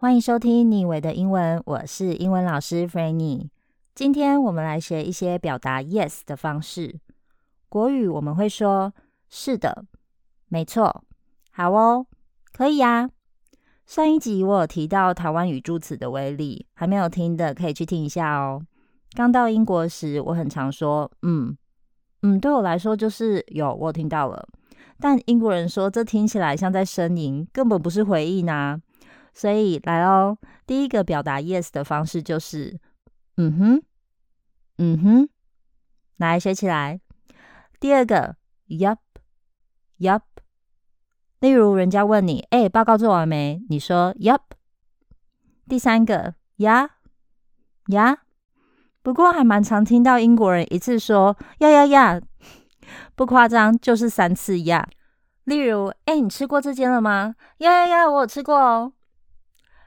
歡迎收聽你以為的英文，我是英文老師 Frannie。今天我們來學一些表達 yes 的方式。國語我們會說“是的”，沒錯，好哦，可以呀、啊！上一集我有提到台灣語助詞的威力，還沒有聽的可以去聽一下哦。剛到英國時，我很常說“嗯嗯”，對我來說就是有我有聽到了，但英國人說這聽起來像在呻吟，根本不是回憶啊。所以來嘍，第一個表達 yes 的方式就是，嗯哼，嗯哼，來學起來。第二個，yep，yep。例如人家問你，欸，報告做完沒？你說 yep。第三個，yeah，yeah。不過還蠻常聽到英國人一次說 yeah，yeah，yeah，不誇張，就是三次 yeah。例如，欸，你吃過這間了嗎？yeah，yeah，yeah，我有吃過哦。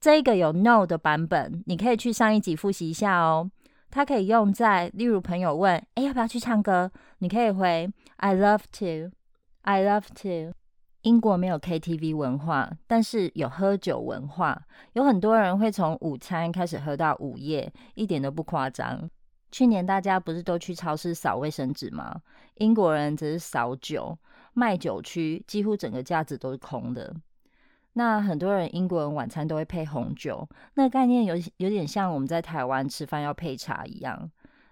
這個有 No 的版本，你可以去上一集複習一下哦。它可以用在，例如朋友問，哎，要不要去唱歌？你可以回 I'd love to, I'd love to。英國沒有 KTV 文化，但是有喝酒文化，有很多人會從午餐開始喝到午夜，一點都不誇張。去年大家不是都去超市掃衛生紙嗎？英國人則是掃酒，賣酒區幾乎整個架子都是空的。那很多人英國人晚餐都會配紅酒，那個概念有有點像我們在台灣吃飯要配茶一樣。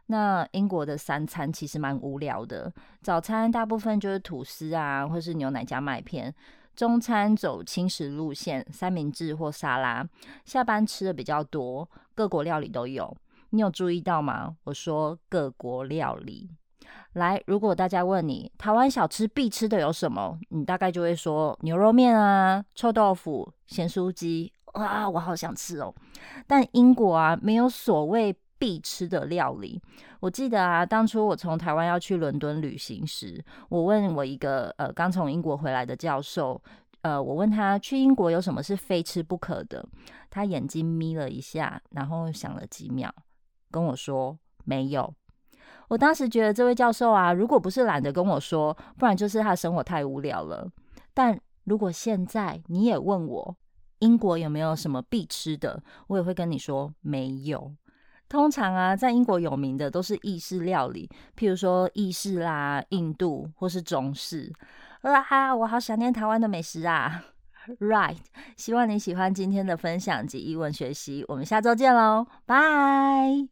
那英國的三餐其實蠻無聊的，早餐大部分就是吐司啊，或是牛奶加麥片；中餐走輕食路線，三明治或沙拉；下班吃的比較多，各國料理都有。你有注意到嗎？我說各國料理。來，如果大家問你台灣小吃必吃的有什麼，你大概就會說牛肉麵啊、臭豆腐、鹹酥雞，哇，我好想吃哦。但英國啊，沒有所謂必吃的料理。我記得啊，當初我從台灣要去倫敦旅行時，我問我一個呃，剛從英國回來的教授，呃，我問他去英國有什麼是非吃不可的，他眼睛眯了一下，然後想了幾秒，跟我說沒有。我當時覺得這位教授啊，如果不是懶得跟我說，不然就是他生活太無聊了。但如果現在你也問我英國有沒有什麼必吃的，我也會跟你說沒有。通常啊，在英國有名的都是異式料理，譬如說義式啦、啊、印度或是中式。哇、啊，我好想念台灣的美食啊！Right，希望你喜歡今天的分享及英文學習，我們下周見嘍，拜。